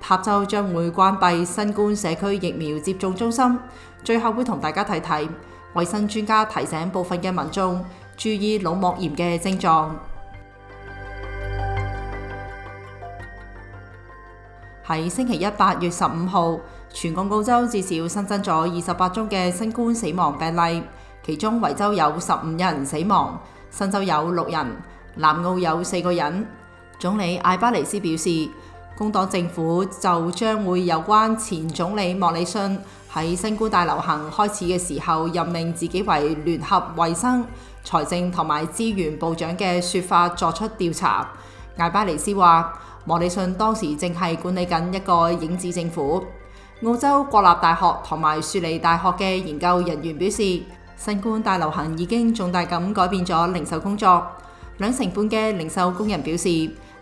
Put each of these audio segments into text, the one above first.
塔州將會關閉新冠社區疫苗接種中心。最後會同大家睇睇衛生專家提醒部分嘅民眾注意腦膜炎嘅症狀。喺星期一八月十五號，全個澳洲至少新增咗二十八宗嘅新冠死亡病例，其中維州有十五人死亡，新州有六人，南澳有四個人。總理艾巴尼斯表示，工黨政府就將會有關前總理莫里遜喺新冠大流行開始嘅時候任命自己為聯合衛生、財政同埋資源部長嘅說法作出調查。艾巴尼斯話：莫里遜當時正係管理緊一個影子政府。澳洲國立大學同埋雪梨大學嘅研究人員表示，新冠大流行已經重大咁改變咗零售工作。兩成半嘅零售工人表示，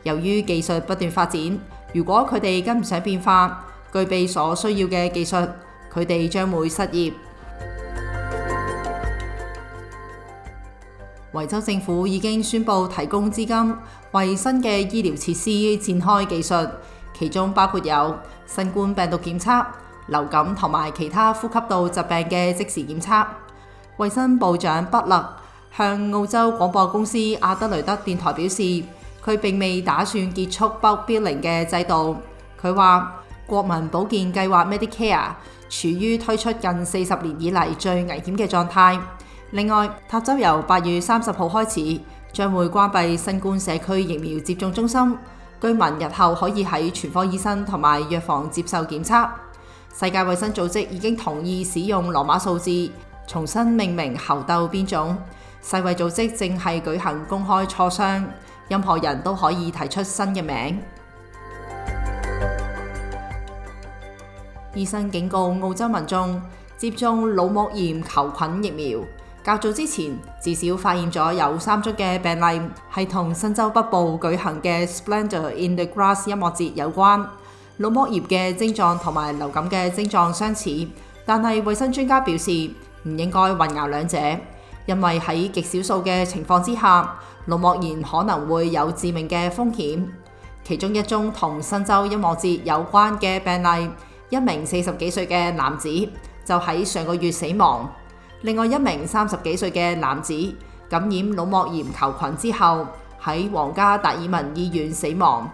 由於技術不斷發展。如果佢哋跟唔上變化，具備所需要嘅技術，佢哋將會失業。維 州政府已經宣布提供資金為新嘅醫療設施展開技術，其中包括有新冠病毒檢測、流感同埋其他呼吸道疾病嘅即時檢測。衛生部長布勒向澳洲廣播公司阿德雷德電台表示。佢並未打算結束 bulk billing 嘅制度。佢話：國民保健計劃 Medicare 處於推出近四十年以嚟最危險嘅狀態。另外，塔州由八月三十號開始將會關閉新冠社區疫苗接種中心，居民日後可以喺全科醫生同埋藥房接受檢測。世界衛生組織已經同意使用羅馬數字重新命名猴痘變種。世衛組織正係舉行公開磋商。任何人都可以提出新嘅名。 醫生警告澳洲民眾接種腦膜炎球菌疫苗。較早之前，至少發現咗有三宗嘅病例係同新州北部舉行嘅 Splendor in the Grass 音樂節有關。腦膜炎嘅症狀同埋流感嘅症狀相似，但係衛生專家表示唔應該混淆兩者。因為喺極少數嘅情況之下，腦膜炎可能會有致命嘅風險。其中一宗同新州音樂節有關嘅病例，一名四十幾歲嘅男子就喺上個月死亡。另外一名三十幾歲嘅男子感染腦膜炎球菌之後，喺皇家達爾文醫院死亡。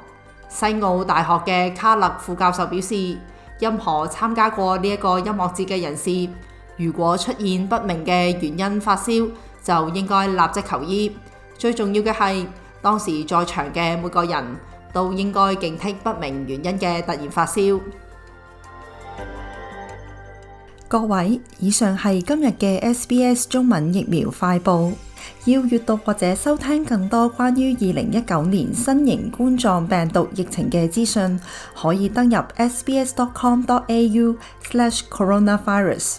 西澳大學嘅卡勒副教授表示，任何參加過呢一個音樂節嘅人士，如果出現不明嘅原因發燒，就應該立即求醫。最重要嘅係，當時在場嘅每個人都應該警惕不明原因嘅突然發燒。各位，以上係今日嘅 SBS 中文疫苗快報。要閱讀或者收聽更多關於二零一九年新型冠狀病毒疫情嘅資訊，可以登入 sbs.com.au/coronavirus。